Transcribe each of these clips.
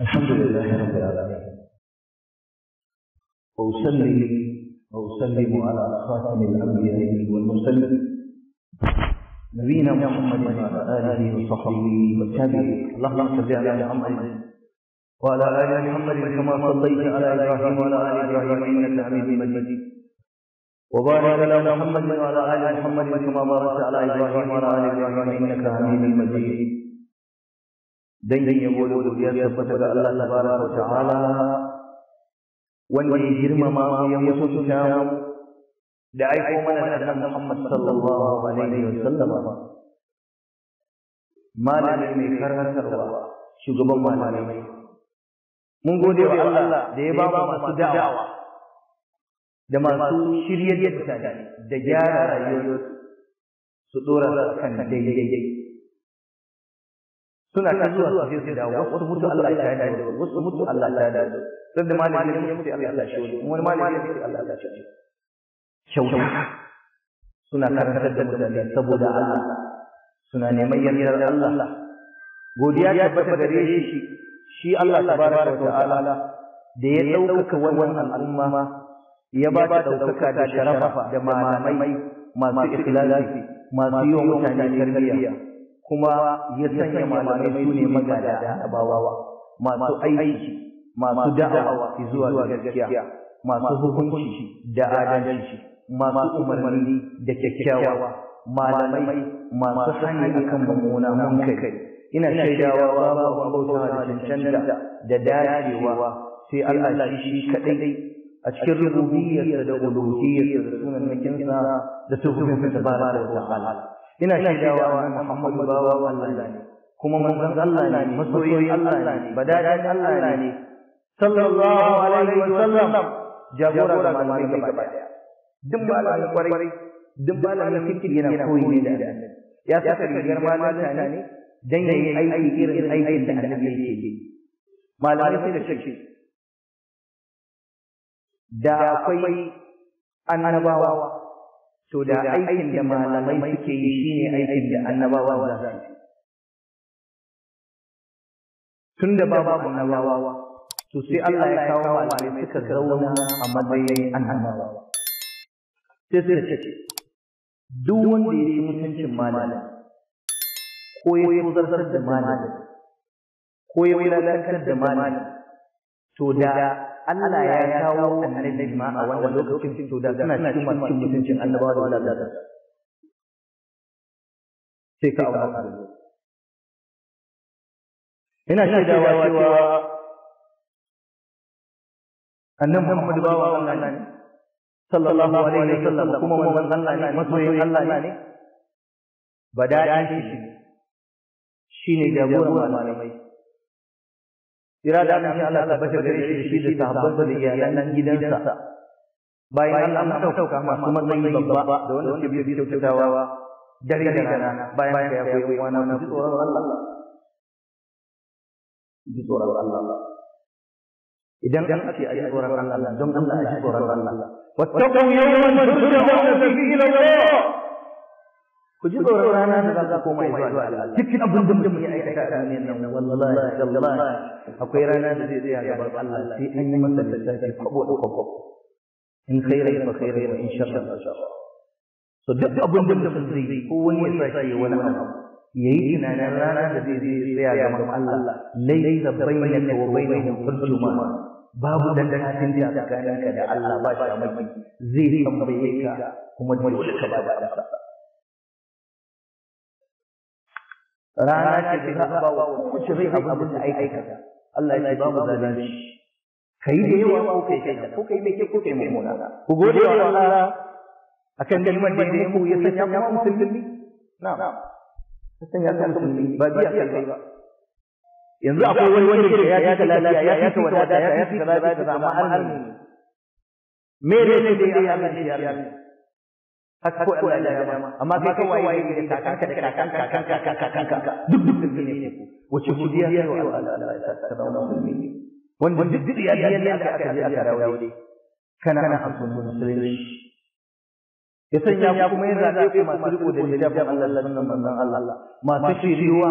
الحمد لله رب العالمين وأسلم وأسلم على خاتم الأنبياء والمرسلين نبينا محمد وعلى آله وصحبه وسلم اللهم صل على محمد وعلى آل محمد كما صليت على إبراهيم وعلى آل إبراهيم إنك حميد مجيد وبارك على محمد وعلى آل محمد كما باركت على إبراهيم وعلى آل إبراهيم إنك حميد مجيد dan ya gode godiya tabbata ga Allah tabaraka wa ta'ala wanda ya girmama ya mutunta da aiko mana da nan Muhammad sallallahu alaihi wa sallam malami mai karantarwa shugaban malamai mun gode wa Allah da ya ba mu masu da'awa da masu shiryar da gyara rayuwar su dora kan daidai suna ta zuwa su je su dawo wasu mutu Allah ya da wasu mutu Allah ya da sai da malami ne mutu Allah ya shi wani malami ne Allah ya shi kyauta suna karantar da mutane saboda Allah suna neman yardar Allah godiya ta bata gare shi shi Allah tabaraka wa ta'ala da ya ɗaukaka wannan al'umma ya ba ta ɗaukaka da sharafa da malamai masu ikhlasi masu yi wa mutane tarbiyya kuma ya sanya malamai su ne magada abawawa masu aiki masu da'awa zuwa gaskiya masu hukunci da adalci masu umarni da kyakkyawa malamai masu hanyar akan mummuna munkari ina shaidawa babu bauta da cancanta da dacewa sai Allah shi kadai a cikin rububiyyar da uluhiyyar da sunan nakinsa da tuhumin ba da ta'ala ina shaidawa wa Muhammadu bawa Allah ne kuma manzon Allah ne masoyi Allah ne badadin Allah ne sallallahu alaihi wa sallam jagora ga malamai gaba daya duk malamin kwarai duk malamin fikir yana koyi ne da ya saka rigar malamta ne dan yayi aiki irin aikin da annabi yake yi malamai sai da shakki da akwai annabawa to da aikin da malamai suke yi shine aikin da annabawa za su tun da babu annabawa to sai Allah ya kawo malamai suka zauna a matsayin annabawa sai suka ce duk wanda ya yi mutuncin malamai ko ya yi zartar da malamai ko ya lalatar da malamai to da Allah ya kawo annabi ma a wannan lokacin to da suna cikin masu mutuncin annabawa da wadata sai ka abu ina shaidawa cewa annabi Muhammad bawa Allah ne sallallahu alaihi wasallam kuma wannan Allah ne masoyin Allah ne bada'in shi ne shine jagoran malamai kira da amince Allah tabbata gare shi shi da sahabbansa da iyalan gidansa bayan Allah an sauka masu matsayi babba da wanda da bi kyautatawa dare da rana bayan ka ya koyi wani na ji tsoron Allah ji tsoron Allah idan an ce tsoron Allah don Allah a ji tsoron Allah wattaqu yawman turja'una fihi ila Allah ku ji tsoron rana da za ku koma zuwa ga Allah cikin abin da mutum ya aikata a duniyar nan wallahi wallahi akwai rana da zai tsaya gaban Allah sai an yi masa lissafi kwabo da kwabo in khairai fa khairai wa in sharra fa sharra so duk abin da mutum zai yi ko wani ya sace wani abu yayi tunanin rana da zai tsaya gaban Allah laysa bainaka wa bainahu hujjuma babu dandancin da tsakaninka da Allah ba shi a maki zai tambaye ka kuma dole ka ba da amsa rana ce da za a ba wa kowace rai abin da aikata Allah ya ba mu zalunci kai da yawa ko kai kai ko kai mai ko kai mai mona ku gode wa Allah akan kalmar da ya ku ya sanya mu musulmi na'am ya sanya ka musulmi ba biya kai ba yanzu akwai wani wanda ya ya ta lafiya ya ta wadata ya ta kaza amma an me ne ne da ya mai ya mai haka ko Allah ya dama amma kai kai waye ne da kakanka da kakanka kakanka kakanka duk duk sun ne ku wace godiya yi wa Allah ya tsara musulmi wanda duk ya ya ya da aka je aka rawo dai kana kana asun musulunci? ya sanya kuma yin zaɓe ku masu riko da hijabin Allah da sunan manzon Allah masu shiriwa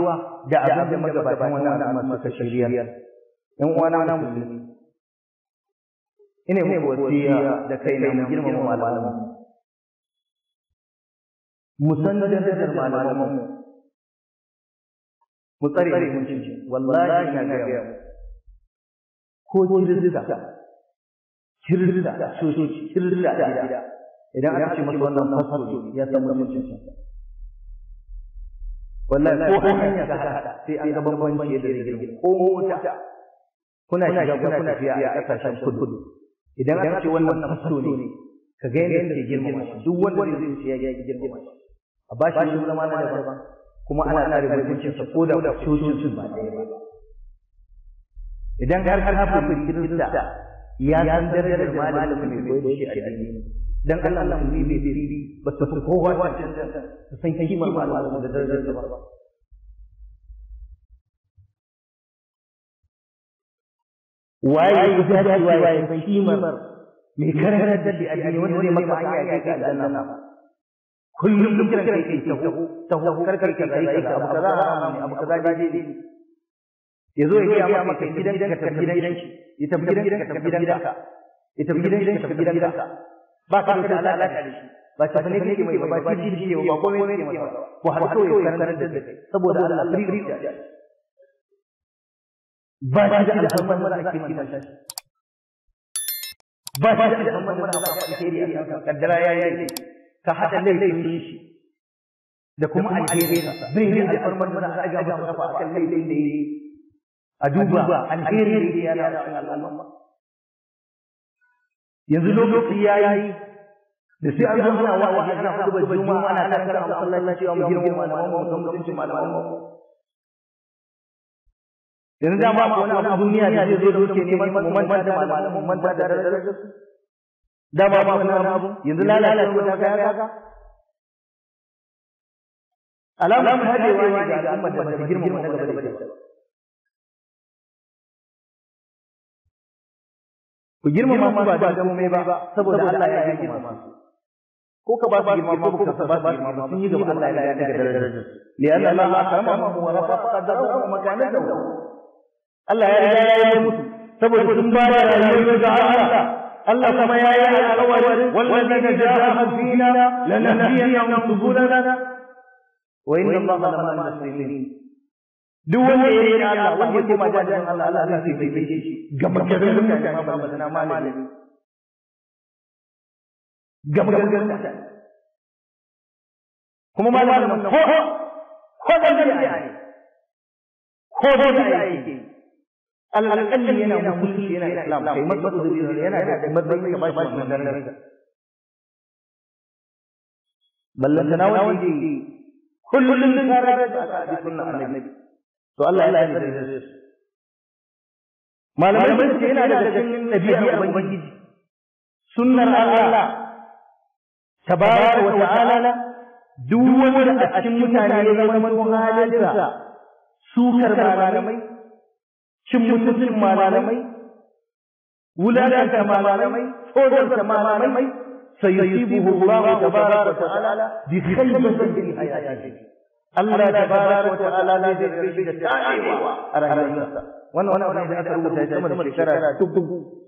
da abin da magabatan wannan al'umma suka shirya yan uwana na musulmi ina muku wasiya da kaina mu girmama malamanmu mu san darajar malamanmu mu tsare mun mutunci wallahi na ga yau ko kirista kirista sojoji kirista gida idan an ce masa wannan fasfo ya san mutuncin wallahi ko hanya ta hada sai an ga bambanci da rigirgi ko mota kuna shiga kuna tafiya a kasashen kudu idan an ce wannan fasfo ne ka ga yadda ke girma shi duk wanda zai ce ya girma shi a ba shi wani zama na daban kuma ana tsari mutuncin sa ko da cocin ba ɗaya ba idan har har kafin kirista ya san darajar malamin mai koyar da shi addini dan Allah mu ne bai fi ba ta fi kowa ta san kimar malamin da darajar da ba waye ya fi waye ya san kimar mai karantar da addini wanda zai maka hanya da kai kullum duk kiran kai ta taho taho kar ka kai ka abu kaza abu kaza daidai ne ya zo ya ga maka gidan ka tafi gidan shi ya tafi gidan ka tafi gidan ka ya tafi gidan ka tafi gidan ka ba ka da alaka da shi ba ta ne ke mai ba ji ji ba komai ne ko har so ya karanta da kai saboda Allah ba shi da alfarma da ake manta shi ba shi da alfarma da ake manta shi kaddara yayi ka haɗa laifin shi da kuma alherinsa zai yi alfarmar da za a ga masa kafa akan laifin da ya yi a duba alherin da ya rasa al'umma yanzu lokaci ya yi da sai an zama wa wa ana kuma ba juma'a ana takara a masallaci cewa mu girma malaman mu don mutunci malaman mu yanzu da ba wani abu duniya da zai zo ke neman mu manta da malaman mu manta da darajar da ba wannan abu yanzu hadewa ne ga da bata girmama da ku girma masu ba da komai ba saboda Allah ya girmama masu? ko ka ba su girmama ko ka ba su girmama sun yi gaba Allah ya daga darajar li anna Allah akramahu wa rafa qadarahu wa makanatahu Allah ya riga ya yi musu saboda sun ba da rayuwar ga Allah Allah kuma ya yi alƙawarin wallazina ja'ahum fina lanahdiyannahum subulana wa inna Allaha lama al-muslimin duk wanda ya yi Allah wanda ya koma jajin Allah Allah zai taimake shi ga magarin mutane ma ba sana malami ga magarin mutane kuma malamin ko ko da ya yi ko da ya yi alƙalli yana musulunci yana islam kai masa uzuri yana da matsayin ka bashi wannan daraja ballanta na wanda yake kullum tare da al'adi sunnan annabi to Allah ya yana da su malamai sun ce yana daga cikin nabiyar ubangiji sunnar Allah tabaraka wa ta'ala duk wanda a cikin mutane ya zama halinsa sa sukar malamai cin mutuncin malamai wulakanta malamai tsodarta malamai sayusibuhu Allah tabaraka wa ta'ala bi khaybatin bil hayati Allah ta tabaraka wa ta'ala ne da rashi da ta'ewa a rayuwarsa wannan wani ne da aka rubuta sama da shekara dubu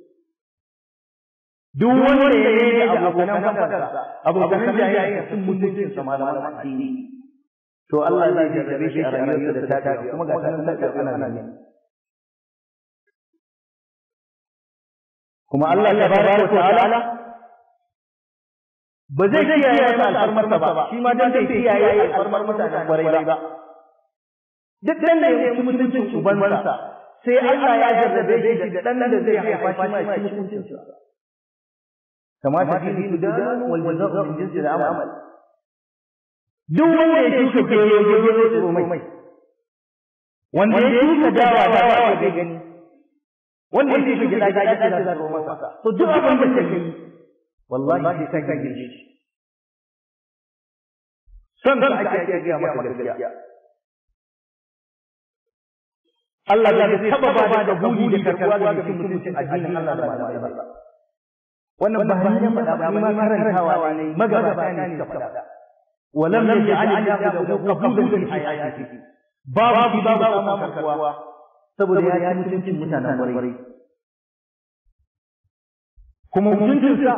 duk wanda ya yi abokanan fadarsa abokanan jayayya sun mutuncin sa malaman addini to Allah zai jarrabe shi a rayuwarsa da ta kuma ga sanin da ana ne kuma Allah ba wa ta'ala ba zai kiyaye masa sa ba shi ma dan bai kiyaye alfarmar mutanen kwarai ba duk dan da ya mutuncin ubansa sai Allah ya jarrabe shi da dan da zai haifa shi ma shi sa kama ta fi da wal jazaa min jinsi al amal duk wanda ya shuka ke gero da mai wanda ya shuka dawa ba bai gani wannan shi gida da ce za ta masa to duk abin da take yi wallahi sai ka gaje shi san da ake ake ga maka gaskiya Allah ya taba ba da buri da karkuwa ga mutuncin addinin Allah da malamai ba wannan ba hanyar faɗa ba karantawa ne magabata ne ta faɗa ولم يجعل الله له قبولا في حياته باب باب باب saboda ya ci mutuncin mutanen kwarai kuma mutuncinsa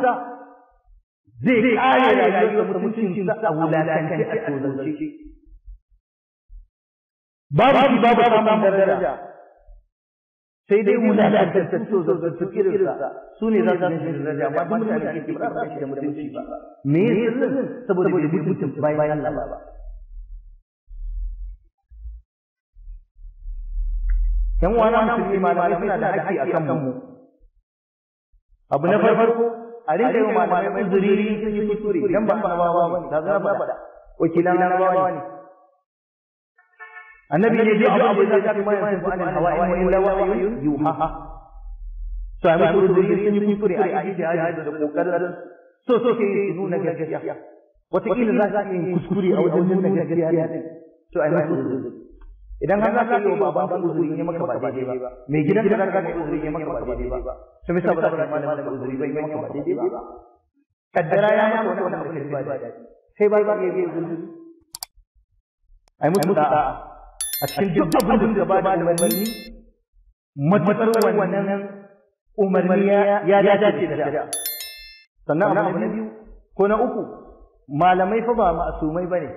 zai kare rayuwarsa mutuncinsa a wulatance a tozance babu shi babu samun daraja sai dai wulatance ta tozance irinsa su ne za su ne shi daraja ba duk mutane ke ba shi da mutunci ba me yasa saboda bai mutum bayan Allah ba yan uwa na musulmi malamai suna da haƙƙi a kan mu abu na farko a rinka yi malamai uzuri sun yi kuskure dan ba annabawa ba ne ta zama faɗa wakilan annabawa ne annabi ne duk abu da ya kuma yanzu an hawa in wani ha ha so a musu uzuri sun yi kuskure a yi jihadi da kokarin so so ke yi nuna gaskiya wataƙila za ka yi kuskure a wajen nuna gaskiya to a yi musu uzuri idan har za ka yi ba baban ku zuri ne maka ba daidai ba me gidan da za ka yi zuri ne maka ba daidai ba to bisa ba za ka yi malamin da zuri ba ne maka ba ba kaddara ya maka wani wani abu da ba daidai sai ba ka yi zuri ai musu da a cikin duk abin da ba da umarni matsar wannan umarni ya dace da da sannan abu na biyu ko na uku malamai fa ba ma'asumai bane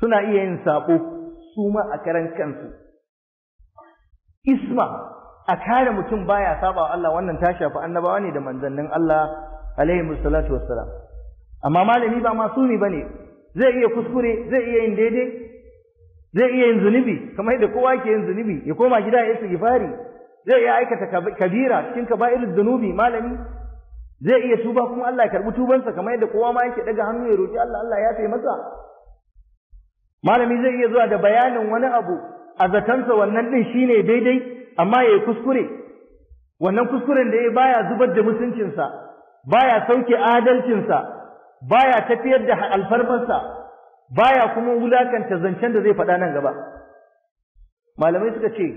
suna iya yin sako su ma a karan kansu isma a kare mutum baya saba Allah wannan ta shafi annabawa ne da manzannin Allah alaihi musallatu wassalam amma malami ba masumi bane zai iya kuskure zai iya yin daidai zai iya yin zunubi kamar yadda kowa ke yin zunubi ya koma gida ya istighfari zai iya aikata kabira cikin kaba'irul zunubi malami zai iya tuba kuma Allah ya karbi tubansa kamar da kowa ma yake daga hannu ya roki Allah Allah ya yafe masa malami zai iya zuwa da bayanin wani abu a zatansa wannan din shine daidai amma yayi kuskure wannan kuskuren da ya baya zubar da mutuncinsa baya sauke adalcinsa baya tafiyar da alfarmarsa baya kuma wulakanta zancen da zai faɗa nan gaba malamai suka ce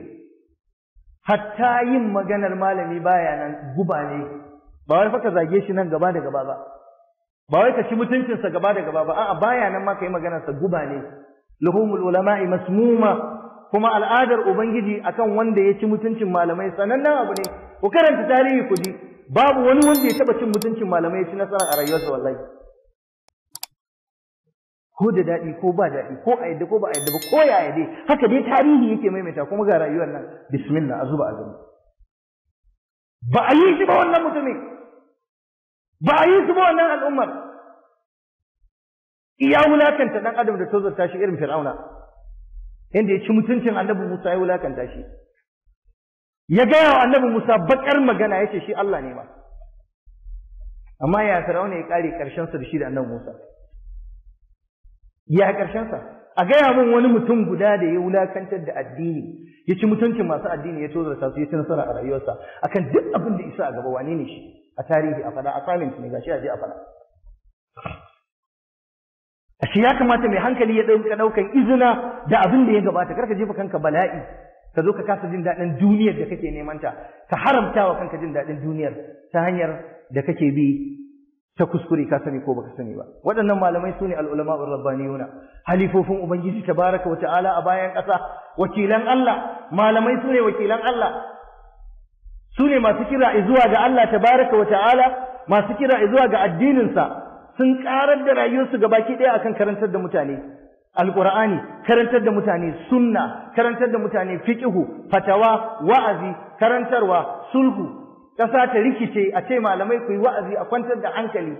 hatta yin maganar malami baya nan guba ne ba wai faka zage shi nan gaba da gaba ba ba wai ka ci mutuncinsa gaba da gaba ba a'a baya nan ma ka yi maganarsa guba ne luhumul ulama'i masmuma kuma al'adar ubangiji akan wanda ya ci mutuncin malamai sanannen abu ne ku karanta tarihi ku ji babu wani wanda ya taba cin mutuncin malamai ya ci nasara a rayuwarsa wallahi ko da daɗi ko ba daɗi ko a yadda ko ba a yadda ba ko ya yadda haka dai tarihi yake maimaita kuma ga rayuwar nan bismillah a zuba a gani ba a yi shi ba wannan mutumin ba a yi su ba wannan al'ummar iya wulakanta dan adam da tozarta shi irin fir'auna inda ya ci mutuncin annabi Musa ya wulakanta shi ya gaya wa annabi Musa bakar magana ya ce shi Allah ne ma amma ya fir'auna ya kare karshen sa da shi da annabi Musa ya karshen sa a gaya min wani mutum guda da ya wulakantar da addini ya ci mutuncin masu addini ya tozarta su ya ci nasara a rayuwarsa akan duk abin da isa a gaba wane ne shi a tarihi a fada a samin ne gashi a je a fada ashe ya kamata mai hankali ya ɗauka ɗaukan izina da abin da ya gabata kar ka jefa kanka bala'i ka zo ka kasa jin daɗin duniyar da kake neman ta ka haramta wa kanka jin daɗin duniyar ta hanyar da kake bi ta kuskure ka sani ko baka sani ba waɗannan malamai su ne al'ulama rabbaniyuna halifofin ubangiji tabaraka wa ta'ala a bayan ƙasa wakilan Allah malamai su ne wakilan Allah su ne masu kira zuwa ga Allah tabaraka wa ta'ala masu kira zuwa ga addininsa sun karar da rayuwarsu gabaki ɗaya akan karantar da mutane alqur'ani karantar da mutane sunna karantar da mutane fiqhu fatawa wa'azi karantarwa sulhu ƙasa ta rikice a ce malamai ku yi wa'azi a kwantar da hankali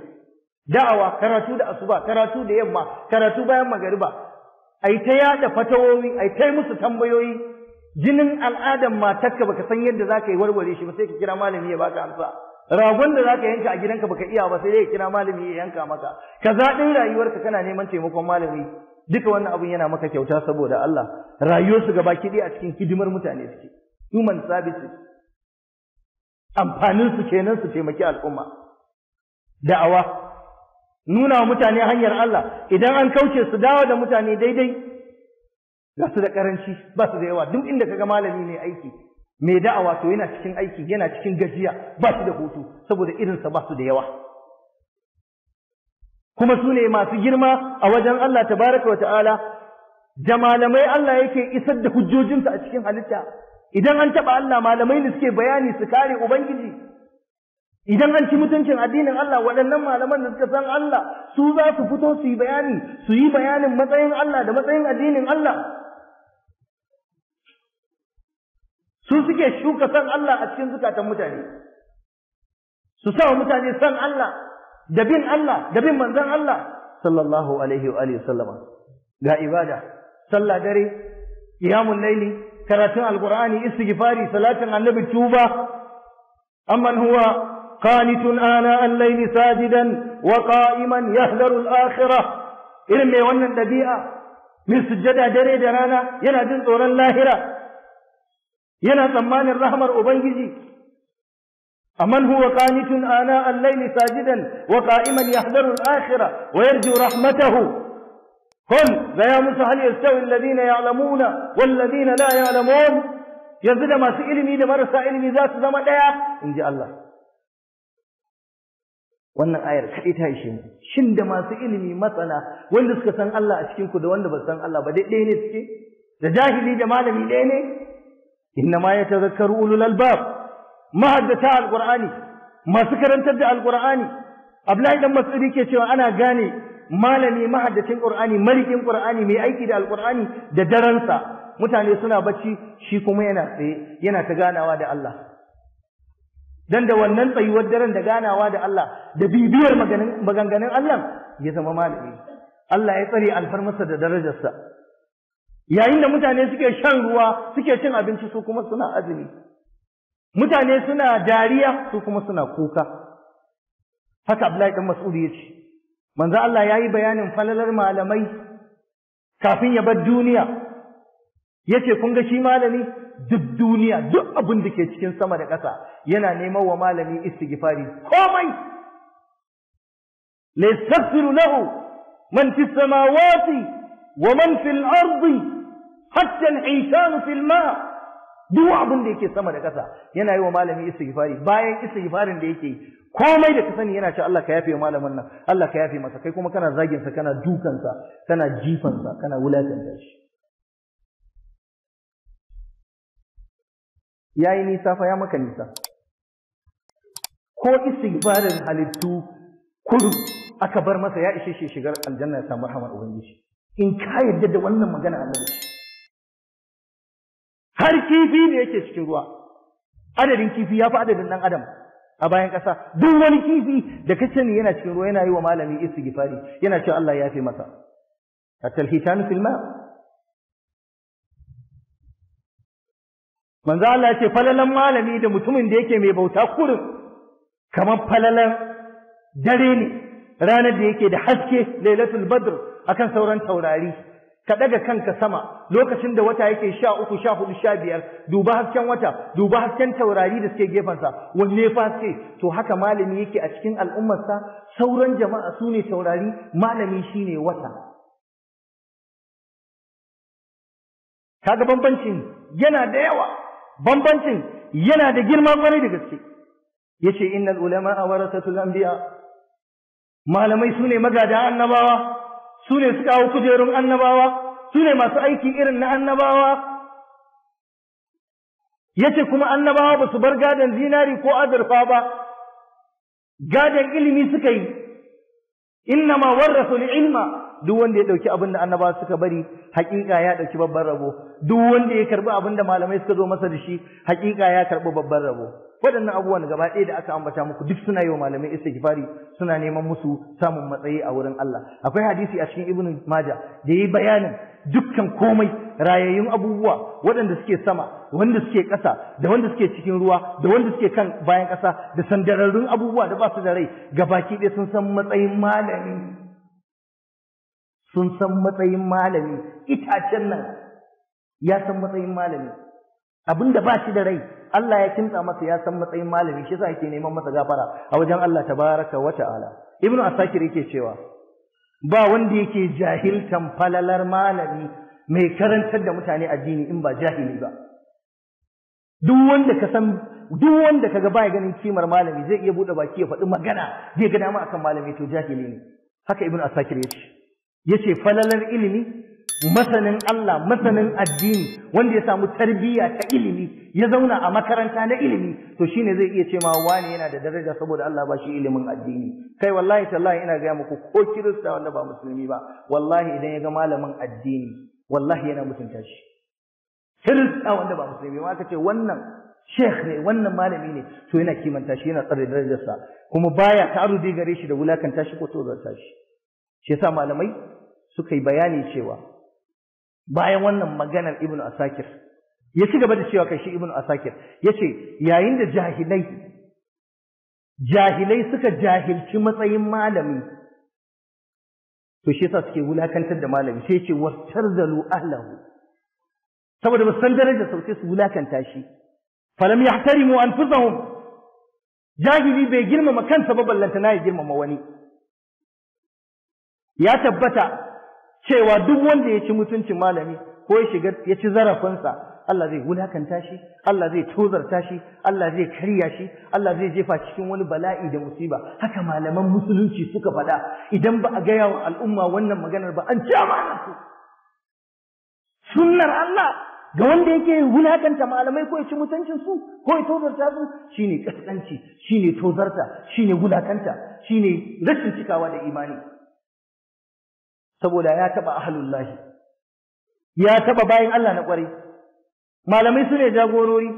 da'awa karatu da asuba karatu da yamma karatu bayan magariba ai ta yada fatawowi ai ta musu tambayoyi jinin al'adan matarka baka san yadda zaka yi warware shi ba sai ka kira malami ya baka amsa ragon da zaka yanka a gidanka baka iya ba sai dai kira malami ya yanka maka ka zaɗin rayuwarka kana neman taimakon malami duka wannan abun yana maka kyauta saboda Allah rayuwarsu gaba ki a cikin hidimar mutane suke human services amfanin su kenan su taimaki al'umma da'awa nuna wa mutane hanyar Allah idan an kauce su dawo da mutane daidai ga su da karanci ba su da yawa duk inda kaga malami ne aiki mai da'awa to yana cikin aiki yana cikin gajiya ba su da hutu saboda irinsa ba su da yawa kuma sune masu girma a wajen Allah tabaraka wa ta'ala da malamai Allah yake isar da hujjojinsa a cikin halitta idan an taɓa Allah malamai ne suke bayani su kare ubangiji idan an ci mutuncin addinin Allah waɗannan malaman da suka san Allah su za su fito su yi bayani su yi bayanin matsayin Allah da matsayin addinin Allah su suke shuka san Allah a cikin zukatan mutane su sa mutane san Allah da bin Allah da bin manzon Allah sallallahu alaihi wa alihi sallama ga ibada sallah dare qiyamul laili karatun alqur'ani istighfari salatin annabi tuba amman huwa qanitun ana al-layli sajidan wa qa'iman yahdaru al-akhirah irin mai wannan dabi'a min sujjada dare da rana yana jin tsoron lahira yana tsammanin rahmar ubangiji amman huwa qanitun ana al-layli sajidan wa qa'iman yahdaru al-akhirah wa yarju rahmatahu قل لا يا موسى هل يستوي الذين يعلمون والذين لا يعلمون yanzu da masu ilimi da marasa ilimi za su zama ɗaya in ji Allah wannan ayar kaɗai ta ishe mu shin da masu ilimi matsala wanda suka san Allah a cikin ku da wanda ba san Allah ba dai ɗaya ne suke da jahili da malami ɗaya ne Inna ya yatazakkaru ulul albab mahaddata alqur'ani masu karantar da alqur'ani Abdullahi dan Mas'udi ke cewa ana gane malami mahaddacin qur'ani marikin qur'ani mai aiki da alqur'ani da daransa mutane suna bacci shi kuma yana tsaye yana ta ganawa da Allah dan da wannan tsayuwar daren da ganawa da Allah da bibiyar maganganun Allah ya zama malami Allah ya tsare alfarmarsa da darajarsa yayin da mutane suke shan ruwa suke cin abinci su kuma suna azumi mutane suna dariya su kuma suna kuka haka Abdullahi dan Mas'ud yace manzo Allah yayi bayanin falalar malamai kafin ya bar duniya yace kun ga shi malami duk duniya duk abin da ke cikin sama da ƙasa yana neman wa malami istighfari komai laysa lahu man fis samawati wa man fil ardi hatta al-insanu fil ma duk abin da yake sama da ƙasa yana yi wa malami istighfari bayan istighfarin da yake komai da ka sani yana cewa Allah ka yafe malamin nan Allah ka yafe masa kai kuma kana zagin sa kana dukan sa kana jifan sa kana wulakanta shi yayi nisa fa ya maka nisa ko istighfarin halittu kudu aka bar masa ya ishe shi shigar aljanna ya samu rahmar ubangiji in ka yarda da wannan magana Allah har kifi ne yake cikin ruwa adadin kifi ya fi adadin ɗan adam a bayan ƙasa duk wani kifi da kace ne yana cikin ruwa yana yi wa malami istighfari yana cewa Allah ya fi masa hatta al fil ma manzo Allah ya ce falalan malami da mutumin da yake mai bauta kurin kamar falalan dare ne ranar da yake da haske lailatul badr akan sauran taurari ka daga kanka sama lokacin da wata yake sha uku sha hudu sha biyar duba hasken wata duba hasken taurari da suke gefensa wanne fa haske to haka malami yake a cikin al'ummarsa sauran jama'a su ne taurari malami shine wata kaga bambancin yana da yawa bambancin yana da girma kwarai da gaske yace innal ulama warasatul anbiya malamai su ne magada annabawa su ne suka hau kujerun annabawa su ne masu aiki irin na annabawa yace kuma annabawa ba su bar gadon zinari ko azurfa ba gadon ilimi suka yi inna ma ni ilma duk wanda ya ɗauki abin da annabawa suka bari hakika ya dauki babban rabo duk wanda ya karbi abin da malamai suka zo masa da shi hakika ya karbi babban rabo waɗannan abubuwan gaba ɗaya da aka ambata muku duk suna yi wa malamai istighfari suna neman musu samun matsayi a wurin Allah akwai hadisi a cikin ibnu maja da yi bayanin dukkan komai rayayyun abubuwa waɗanda suke sama wanda suke ƙasa da wanda suke cikin ruwa da wanda suke kan bayan ƙasa da sandararrun abubuwa da ba su da rai gabaki ɗaya sun san matsayin malami sun san matsayin malami itacen nan ya san matsayin malami abin da ba shi da rai Allah ya kinta masa ya san matsayin malami shi yasa yake neman masa gafara a wajen Allah tabaraka wa ta'ala ibnu asakir yake cewa ba wanda yake jahiltan falalar malami mai karantar da mutane addini in ba jahili ba duk wanda ka san duk wanda kaga baya ganin kimar malami zai iya bude baki ya faɗi magana zai ga dama akan malami to jahili ne haka ibnu asakir yace yace falalar ilimi masanin Allah masanin addini wanda ya samu tarbiyya ta ilimi ya zauna a makaranta na ilimi to shine zai iya ce ma wani yana da daraja saboda Allah ba shi ilimin addini kai wallahi tallahi ina gaya muku ko kirista wanda ba musulmi ba wallahi idan ya ga malamin addini wallahi yana mutunta shi kirista wanda ba musulmi ba aka ce wannan sheikh ne wannan malami ne to yana kimanta shi yana tsare darajarsa kuma baya ta'arudi gare shi da wulakanta shi ko tozarta shi shi yasa malamai suka yi bayani cewa bayan wannan maganar ibnu asakir ya ci gaba da cewa kai shi ibnu asakir ce yayin da jahilai jahilai suka jahilci matsayin malami to shi yasa suke wulakantar da malami sai yace wartarzalu ahlahu saboda san darajar sauke su wulakanta shi falam yahtarimu anfusahum jahili bai girmama kansa ba ballantana ya girmama wani ya tabbata cewa duk wanda ya ci mutuncin malami ko ya shiga ya ci zarafinsa Allah zai wulakanta shi Allah zai tozarta shi Allah zai karya shi Allah zai jefa cikin wani bala'i da musiba haka malaman musulunci suka faɗa idan ba a gaya wa al'umma wannan maganar ba an ci amana su sunnar Allah ga wanda yake wulakanta malamai ko ya ci mutuncin su ko ya tozarta su shine kaskanci shine tozarta shine wulakanta shine rashin cikawa da imani saboda ya taba ahlullahi ya taba bayan Allah na kwarai malamai su ne jagorori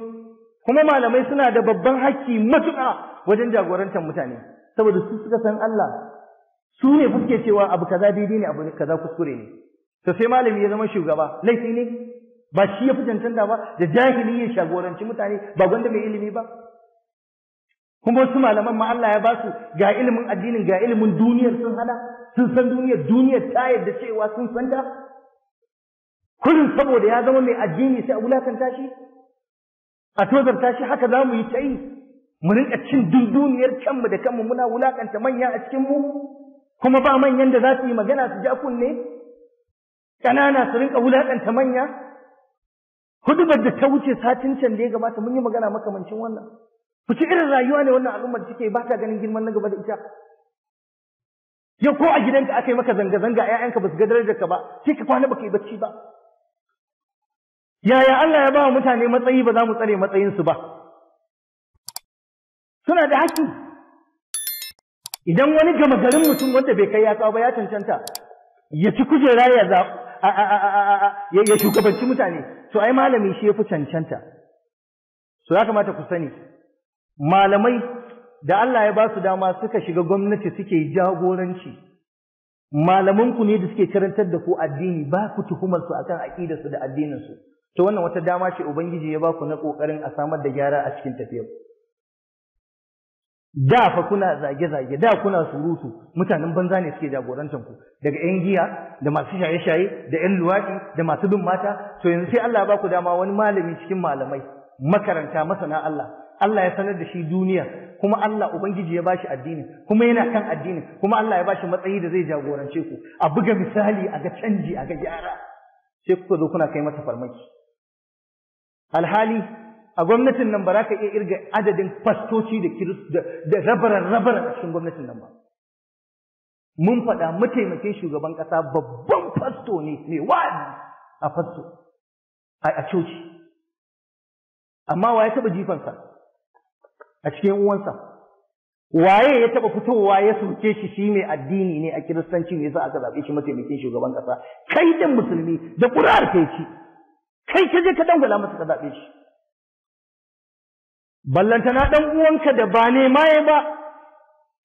kuma malamai suna da babban hakki matuƙa wajen jagorantar mutane saboda su suka san Allah su ne fuske cewa abu kaza daidai ne abu kaza kuskure ne to sai malami ya zama shugaba laifi ne ba shi ya fi cancanta ba da jahili ya shagoranci mutane ba gwanda mai ilimi ba kuma wasu malaman ma Allah ya ba su ga ilimin addinin ga ilimin duniyar sun hana sun san duniyar duniyar ta yadda cewa sun san ta kullum saboda ya zama mai addini sai a wulakanta shi a tozarta shi haka za mu yi ta yi mu rinka cin dunduniyar kanmu da kanmu muna wulakanta manya a cikin mu kuma ba manyan da za su yi magana su ja kunne ƙanana su rinka wulakanta manya hudubar da ta wuce satin can da ya gabata mun yi magana makamancin wannan Ku ci irin rayuwa ne wannan al'ummar da suke ba ta ganin girman na gaba da ita. Yau ko a gidanka aka yi maka zanga-zanga a ‘ya'yanka ba su ga ka ba, sai ka kwana baka yi bacci ba. Yaya Allah ya ba wa mutane matsayi ba za mu tsare matsayinsu ba. Suna da haƙƙi. Idan wani gama garin mutum wanda bai kai ya ba ya cancanta, ya ci kujera ya ya shugabanci mutane, to ai malami shi ya fi cancanta. to ya kamata ku sani, malamai da Allah ya ba su dama suka shiga gwamnati suke jagoranci malamanku ne da suke karantar da ku addini ba ku tuhumar su akan aqidarsu da addinin su to wannan wata dama ce ubangiji ya ba ku na kokarin a samar da gyara a cikin tafiya. da fa kuna zage-zage da kuna surutu mutanen banza ne suke jagorantar ku daga yan giya da masu shaye-shaye da yan luwaki da masu bin mata to yanzu sai Allah ya ba ku dama wani malami cikin malamai makaranta masana Allah Allah ya sanar da shi duniya kuma Allah ubangiji ya bashi addini kuma yana kan addini kuma Allah ya bashi matsayi da zai jagorance ku a buga misali a ga canji a ga gyara sai kuka zo kuna kai masa farmaki alhali a gwamnatin nan ba za ka iya irga adadin fastoci da da rabaran rabaran a cikin gwamnatin nan ba mun faɗa mataimakin shugaban ƙasa babban fasto ne mai wa'azi a fasto a coci amma wa ya taɓa jifansa a cikin uwansa waye ya taɓa fitowa ya soke shi shi mai addini ne a kiristanci ne yasa aka zaɓe shi mataimakin shugaban ƙasa? kai din musulmi da ƙuri'ar kai ci kai ka je ka dangula masa ka zaɓe shi ballanta na dan uwanka da ba ne maye ba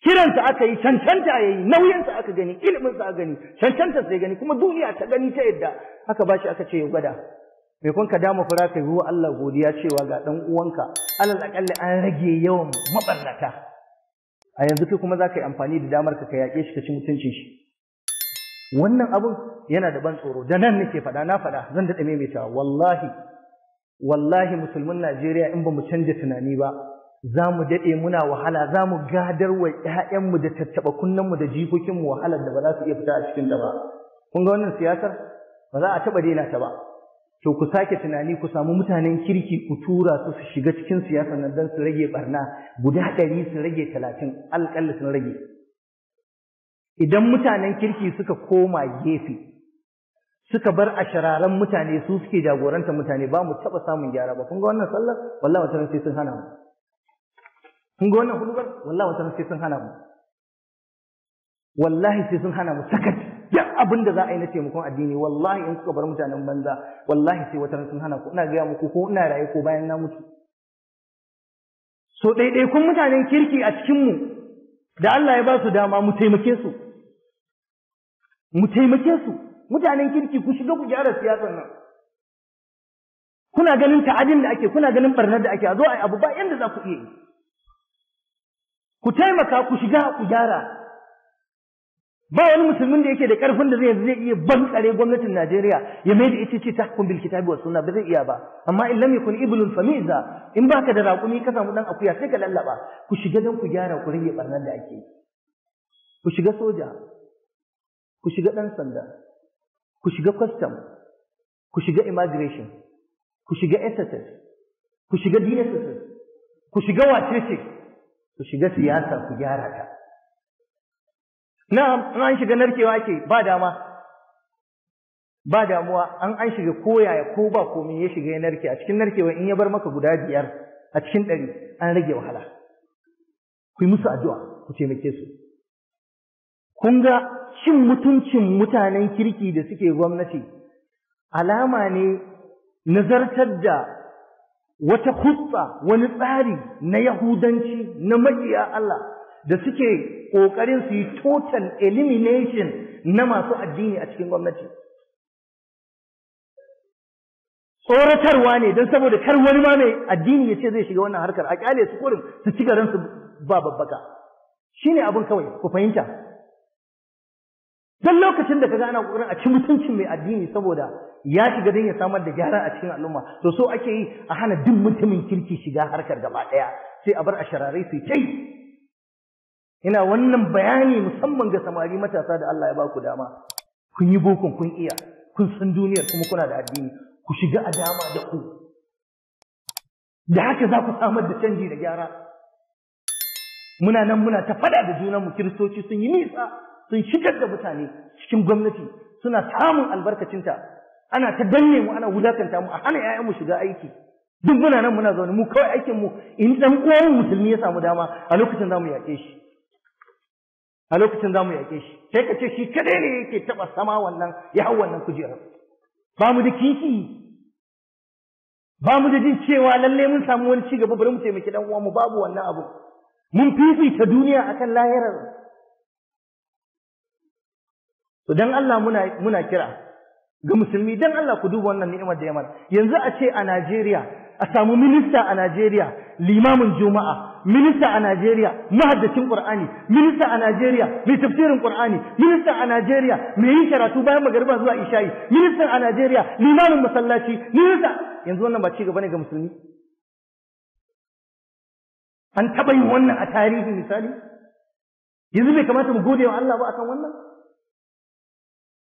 Kiranta aka yi cancanta ya yi, nauyinsa aka gani ilminsa aka gani cancanta sai gani kuma duniya ta gani ta yadda aka shi aka ce ya gwada mai kun ka dama fara yi ruwa Allah godiya cewa ga ɗan uwanka alal aƙalli an rage yawan maɓarnata a yanzu kai kuma za ka yi amfani da damar ka yaƙe shi ka ci mutuncin shi wannan abun yana da ban tsoro da nan nake faɗa na faɗa zan daɗa maimaita wallahi wallahi musulmin Najeriya in ba mu canja tunani ba za mu daɗe muna wahala za mu gadar wa ‘ya'yanmu da tattaɓa kunnenmu da jikokinmu wahalar da ba za su iya fita a cikin ta ba kun ga wannan siyasar ba za a taɓa daina ta ba to ku sake tunani ku samu mutanen kirki ku tura su su shiga cikin siyasa nan don su rage barna guda ɗari su rage talatin alƙalla sun rage idan mutanen kirki suka koma gefe suka bar a shararan mutane su suke jagoranta mutane ba mu taɓa samun gyara ba kun ga wannan sallar wallahi wata sai sun hana mu kun ga wannan hudubar wallahi wata sai sun hana mu wallahi sai sun hana mu sakat duk abin da za a yi na taimakon addini wallahi in kuka bar mutanen banza wallahi sai wata sun hana ku ina gaya muku ko ina raye ko bayan na mutu so ɗaiɗaikun mutanen kirki a cikinmu da Allah ya ba su dama mu taimake su mu taimake su mutanen kirki ku shiga ku gyara siyasar nan kuna ganin ta'adin da ake kuna ganin barnar da ake a zo a abu ba yanda za ku iya yi ku taimaka ku shiga ku gyara ba wani musulmin da yake da karfin da zai zai iya tsare gwamnatin Najeriya ya mai da ita ce ta hukum bil kitabi wa sunna ba zai iya ba amma in lam yakun iblun famiza in baka da raƙumi ka samu dan akuya sai ka lallaba ku shiga dan ku gyara ku rage barnan da ake ku shiga soja ku shiga dan sanda ku shiga custom ku shiga immigration ku shiga SSS ku shiga DSSS ku shiga wacece ku shiga siyasa ku gyara ta na an shiga narkewa ke ba dama ba damuwa an an shiga koyaya ko ba komai ya shiga ya narke a cikin narkewa in ya bar maka guda biyar a cikin ɗari an rage wahala ku yi musu addu'a ku taimake su kun ga cin mutuncin mutanen kirki da suke gwamnati alama ne nazartar da wata hutsa wani tsari na yahudanci na maƙiya Allah da suke ƙoƙarin su yi total elimination na masu addini a cikin gwamnati. Tsoratarwa ne don saboda kar wani ma mai addini ya ce zai shiga wannan harkar a ƙyale su kurin su ci garin su ba babbaka. Shi ne abin kawai ku fahimta. Don lokacin da ka gana ƙoƙarin a cikin mutuncin mai addini saboda ya shiga don ya samar da gyara a cikin al'umma to so ake yi a hana duk mutumin kirki shiga harkar gaba ɗaya sai a bar a shararai su yi ina wannan bayani musamman ga samari matasa da Allah ya ba ku dama kun yi bokon kun iya kun san duniyar kuma kuna da addini ku shiga a dama da ku da haka za ku samar da canji da gyara muna nan muna ta fada da junanmu kiristoci sun yi nisa sun shigar da mutane cikin gwamnati suna samun albarkacinta ana ta danne mu ana wulakanta mu a hana 'ya'yan mu shiga aiki duk muna nan muna zaune mu kawai aikin mu in dan uwan musulmi ya samu dama a lokacin zamu yake shi a lokacin za mu yaƙe shi sai ka ce shi kadai ne yake taɓa sama wannan ya hau wannan kujerar ba mu da kiki, ba mu da jin cewa lalle mun samu wani ci gaba bari mu taimaki dan uwanmu babu wannan abu mun fifita duniya akan lahirar to dan Allah muna kira ga musulmi dan Allah ku duba wannan ni'imar da ya yanzu a ce a Najeriya a samu minista a Najeriya limamin juma'a minista a Najeriya mahaddacin Qur'ani minista a Najeriya mai tafsirin Qur'ani minista a Najeriya mai yin karatu bayan magariba zuwa isha'i minista a Najeriya limamin masallaci minista yanzu wannan ba ci gaba ne ga musulmi an taɓa yin wannan a tarihi misali yanzu bai kamata mu gode wa Allah ba akan wannan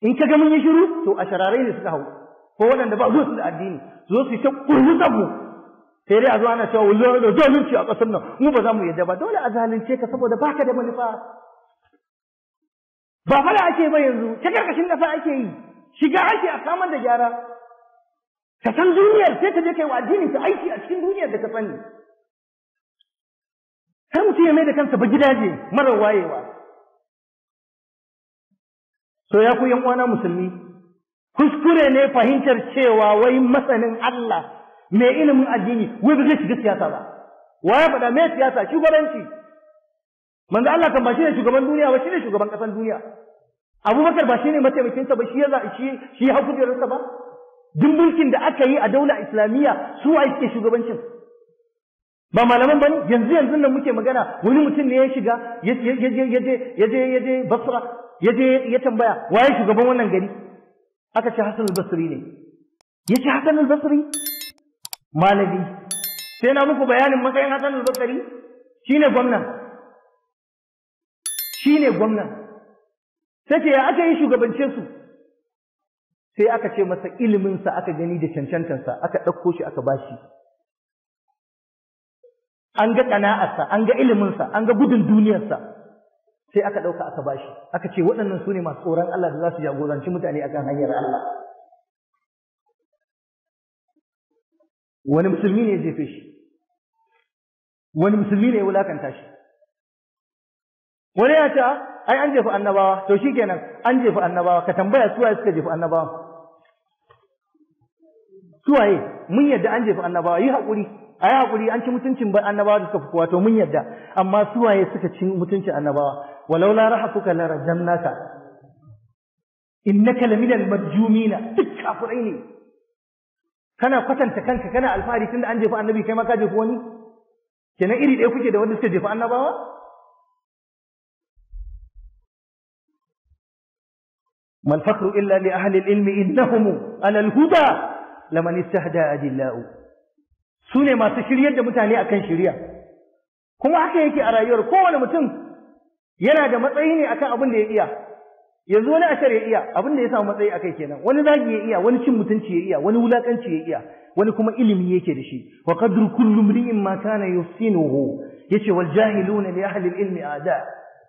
in ka ga mun yi shiru to a sharare ne suka hau ko waɗanda ba zuwa su da addini zo su yi ta kurmusa mu sai dai a zo ana cewa wallahi da zalunci a kasar nan mu ba za mu yadda ba dole a zalunce ka saboda baka da manufa ba fara ake ba yanzu ta karkashin kasa ake yi shiga ake a samar da gyara ka san duniyar sai ka je kai wa addinin ka aiki a cikin duniyar da ta sani har mutum ya mai da kansa ba gidaje marar wayewa so ya ku yan uwana musulmi kuskure ne fahimtar cewa wai masanin Allah mai ilimin addini wai ba zai shiga siyasa ba wa ya faɗa mai siyasa shugabanci manzo Allah kan ba shi ne shugaban duniya ba shi ne shugaban ƙasan duniya Abubakar ba shi ne sa ba shi ya shi shi ya ba duk mulkin da aka yi a daula islamiyya su waye suke shugabancin ba malaman bane yanzu yanzu nan muke magana wani mutum ne ya shiga ya je ya je ya Basra ya je ya tambaya waye shugaban wannan gari aka ce Hassan al-Basri ne ya ce Hassan al-Basri malabi sai na muku bayanin matsayin Hassan al-Bakari shine gwamna shine gwamna sai ce ya aka yi shugabance su sai aka ce masa iliminsa aka gani da cancantansa aka ɗauko shi aka bashi an ga ƙana'arsa an ga iliminsa an ga gudun duniyarsa sai aka ɗauka aka bashi aka ce waɗannan su ne masu tsoron Allah da za su jagoranci mutane akan hanyar Allah wani musulmi ne ya jefe shi wani musulmi ne ya wulakanta shi wani ya ce ai an jefa annabawa to shi kenan an jefa annabawa ka tambaya suwaye suka jefa annabawa suwaye mun yadda an jefa annabawa yi haƙuri a yi haƙuri an ci mutuncin bai annabawa da suka fi kowa to mun yadda amma suwaye suka ci mutuncin annabawa walau la rahafuka la rajamnaka innaka laminal marjumina duk kafirai ne kana kwatanta kanka kana alfahari tunda an jefa annabi kai ma ka jefa wani kenan iri dai kuke da wanda suka jefa annabawa mal ما الفخر إلا لأهل العلم إنهم على الهدى لمن استهدى adillahu sune masu shiryar da mutane akan shari'a kuma haka yake a rayuwar kowane mutum yana da matsayi ne akan abin da ya iya yanzu wani ashar ya iya abin da ya samu matsayi akai kenan wani zagi ya iya wani cin mutunci ya iya wani wulakanci ya iya wani kuma ilimi yake da shi wa qadru kullu mri'in ma kana yusinuhu yace wal jahiluna li ahli al ilmi ada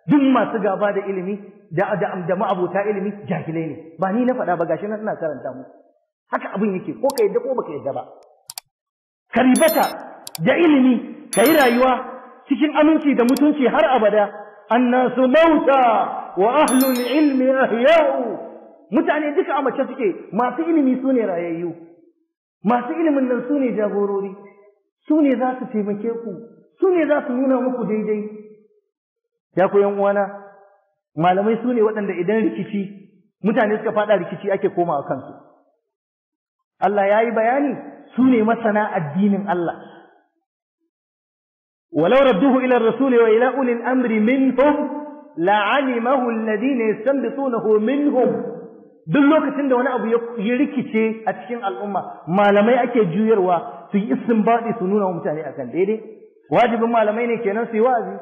duk masu gaba da ilimi da da da ma'abota ilimi jahilai ne ba ni na faɗa ba gashi na ina karanta mu haka abin yake ko ka yadda ko baka yadda ba karibata da ilimi kai rayuwa cikin aminci da mutunci har abada annasu mauta wa ahlul ilmi ahya'u mutane duka a mace suke masu ilimi su ne rayayyu masu ilimin nan su ne jagorori su ne za su taimake ku su ne za su nuna muku daidai ya ku uwana malamai su ne waɗanda idan rikici mutane suka faɗa rikici ake komawa kansu Allah ya yi bayani su ne masana addinin Allah walau radduhu ila rasuli wa ila ulil amri minhum la'alimahu alladhina yastanbitunahu minhum duk lokacin da wani abu ya rikice a cikin al'umma malamai ake juyarwa su yi istinbadi su nuna wa mutane akan daidai wajibin malamai ne kenan su yi wa'azi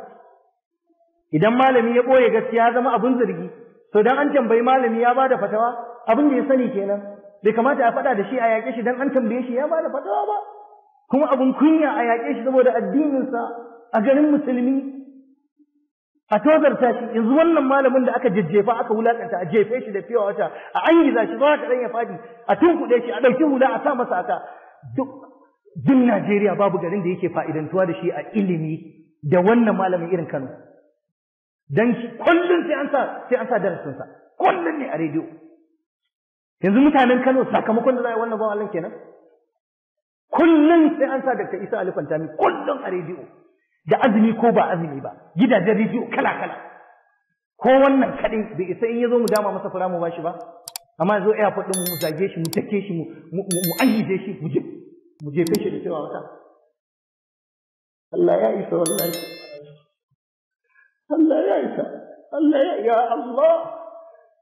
idan malami ya ɓoye gaskiya zama abin zargi to dan an tambayi malami ya bada fatawa abin da ya sani kenan bai kamata a faɗa da shi a yaƙe shi dan an tambaye shi ya bada fatawa ba kuma abin kunya a yaƙe shi saboda addinin sa a garin musulmi a tozarta shi yanzu wannan malamin da aka jajjefa aka wulakanta a jefe shi da fiye wata a an yi zashi ba ka ya fadi a kuɗe shi a ɗauki hula a sa masa aka duk jin Najeriya babu garin da yake fa'idantuwa da shi a ilimi da wannan malamin irin Kano dan kullum sai an sa sai an sa darasin sa kullum ne a rediyo yanzu mutanen Kano sakamakon da za a yi wannan ba wallan kenan kullum sai an sa Dr. Isa Ali Fantami kullum a rediyo da azumi ko ba azumi ba gidajen rediyo kala kala ko wannan kadai bai isa in yazo mu dama masa fara mu bashi ba amma yazo airport din mu zage shi mu take shi mu mu ayyide shi mu je mu jefe shi da cewa wata Allah ya isa wallahi Allah ya isa Allah ya ya Allah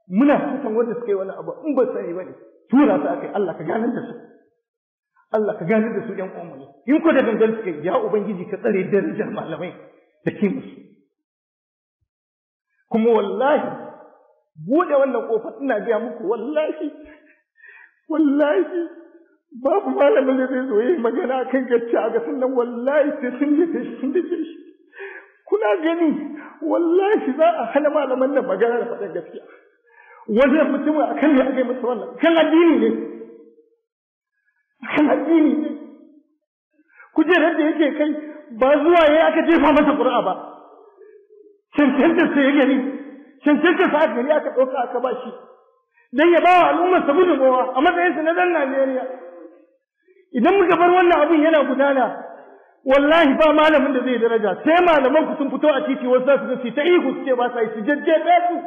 muna fatan wanda suka yi wani abu in ba sani bane tura su akai Allah ka ganin da su Allah ka gani da su ɗan uwanmu in ku da gangan suke ya ubangiji ka tsare darajar malamai da musu. kuma wallahi buɗe wannan ƙofar ina gaya muku wallahi wallahi babu malamin da zai zo yi magana kan gacce a gasar nan wallahi sai sun yi shi sun dake shi kuna gani wallahi za a hana malaman nan magana da faɗin gaskiya wajen mutumin a kan ne aka yi masa wannan kan addini ne kan addini kujerar da yake kai ba zuwa ya aka jefa masa qur'a ba cancantar sa ya gani sai aka gani aka ɗauka aka ba shi dan ya ba wa al'ummar sa a a sa na dan Najeriya idan muka bar wannan abin yana gudana wallahi ba malamin da zai daraja sai malaman ku sun fito a titi wasu za su ta ihu su ce ba sa yi su su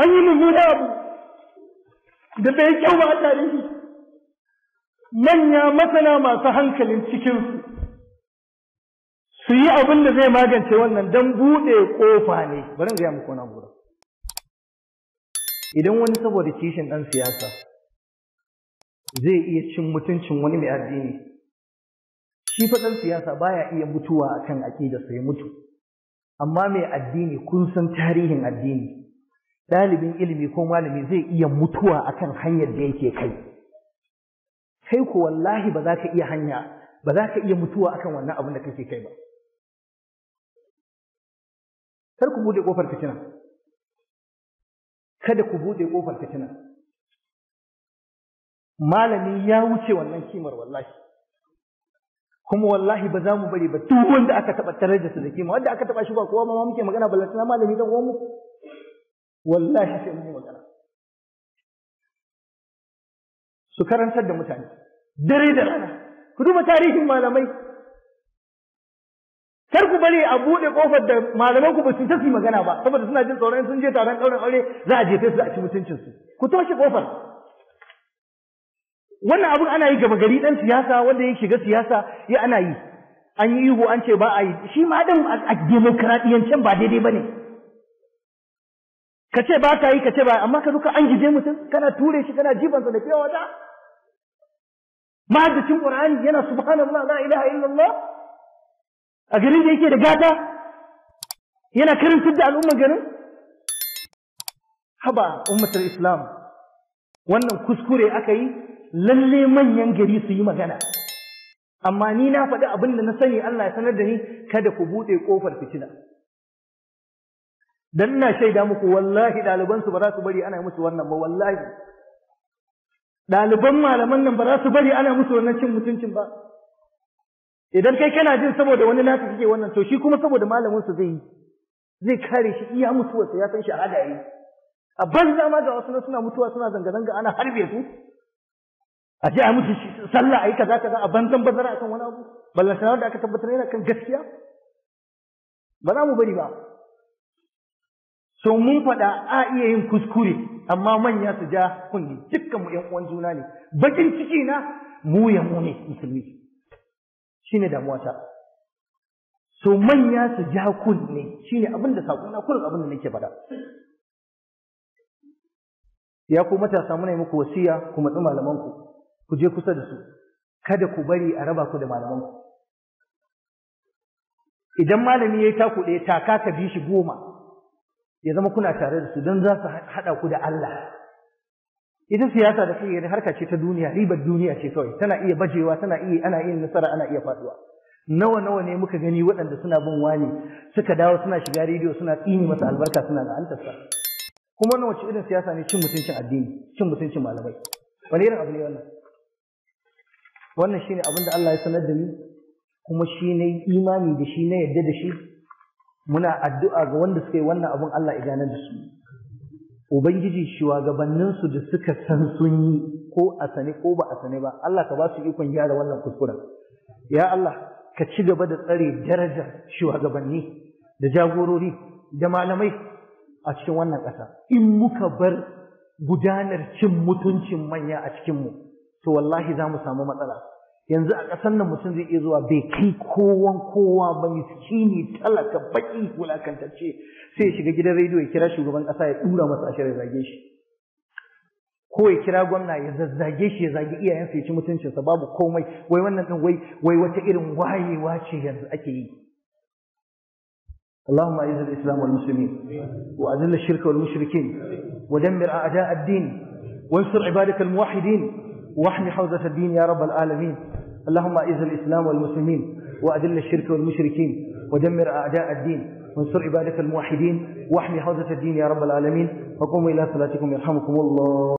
an yi mummuna abu da bai kyau ba a tarihi manya masana masu hankalin cikinsu su yi abin da zai magance wannan don buɗe ƙofa ne bari gaya muku wani abu idan wani saboda kishin ɗan siyasa zai iya cin mutuncin wani mai addini shi fa ɗan siyasa baya iya mutuwa a akan aƙidarsa ya mutu amma mai addini kun san tarihin addini ɗalibin ilimi ko malami zai iya mutuwa akan hanyar da yake kai kai ko wallahi ba za ka iya hanya ba za ka iya mutuwa akan wannan abin da kake kai ba kar ku bude kofar fitina kada ku bude kofar fitina malami ya wuce wannan kimar wallahi kuma wallahi ba za mu bari ba duk wanda aka taɓa tarar da su da kima wanda aka taɓa shi ba kowa ma muke magana ballantana malami dan uwan mu wallahi sai mun yi magana su karantar da mutane dare da rana ku duba tarihin malamai kar ku bari a buɗe ƙofar da malaman ku ba su ta magana ba saboda suna jin tsoron sun je taron ɗaurin aure za a jefe su a ci mutuncinsu ku toshe ƙofar wannan abun ana yi gaba gari dan siyasa wanda ya shiga siyasa ya ana yi an yi ihu an ce ba a yi shi ma dan a demokradiyancen ba daidai bane ka ce ba ka yi ka ce ba amma ka duka an gije mutum kana ture shi kana jibansa da fiyawa ta mahaddacin qur'ani yana subhanallah la ilaha illallah a garin da yake da gata yana karantar da al'umman garin haba ummatar islam wannan kuskure aka yi lalle manyan gari su yi magana amma ni na faɗi abin da na sani Allah ya sanar da ni kada ku buɗe ƙofar fitina dan na shaida muku wallahi ɗaliban su ba za su bari ana musu wannan ba wallahi ɗaliban malaman nan ba za su bari ana musu wannan cin mutuncin ba idan kai kana jin saboda wani naka kike wannan to shi kuma saboda malamin su zai zai kare shi iya mutuwarsa ya san shahada yi a ban ma ga wasu suna mutuwa suna zanga zanga ana harbe su a je a mutu sallah ayi kaza kaza a banzan bazara akan wani abu ballan sanar da aka tabbatar yana kan gaskiya ba za mu bari ba so mun faɗa a iya yin kuskure amma manya su ja kunni dukkan mu ƴan uwan juna ne bakin ciki na mu ya mu ne musulmi shine damuwa ta so manya su ja kunne shine abin da sako na kullum abin da nake faɗa ya ku matasa muna yi muku wasiya ku matsi malamanku ku je kusa da su kada ku bari a raba ku da malamanku idan malami ya yi taku ɗaya taka ka bi shi goma ya zama kuna tare da su don za su haɗa ku da Allah ita siyasa da kai harka ce ta duniya ribar duniya ce kawai tana iya bajewa tana iya ana iya nasara ana iya faduwa nawa nawa ne muka gani waɗanda suna bin wani suka dawo suna shiga rediyo suna tsini masa albarka suna la'antarsa kuma wannan wace irin siyasa ne cin mutuncin addini cin mutuncin malamai wani irin abu ne wannan wannan shine abin da Allah ya sanar da ni kuma shi ne imani da shi na yadda da shi muna addu'a ga wanda suka yi wannan abun Allah ya gane da su ubangiji shugabanninsu da suka san sun yi ko a sane ko ba a sane ba Allah ka ba su ikon gyara wannan kuskura. ya Allah ka ci gaba da tsare daraja shugabanni da jagorori da malamai a cikin wannan ƙasa in muka bar gudanar cin mutuncin manya a cikinmu to wallahi za mu samu matsala yanzu a ƙasar nan mutum zai iya zuwa bai kai kowan kowa ba miskini talaka baki wulakantacce sai ya shiga gidan rediyo ya kira shugaban ƙasa ya ɗura masa ashirin zage shi ko ya kira gwamna ya zazzage shi ya zage iyayensa ya ci mutuncinsa babu komai wai wannan ɗin wai wai wata irin wayewa ce yanzu ake yi اللهم أعز الإسلام والمسلمين وأذل الشرك والمشركين ودمر أعداء الدين وانصر عبادك الموحدين واحمي حوزة الدين يا رب العالمين اللهم أعز الإسلام والمسلمين وأذل الشرك والمشركين ودمر أعداء الدين وانصر عبادك الموحدين واحمي حوزة الدين يا رب العالمين وقوموا إلى صلاتكم يرحمكم الله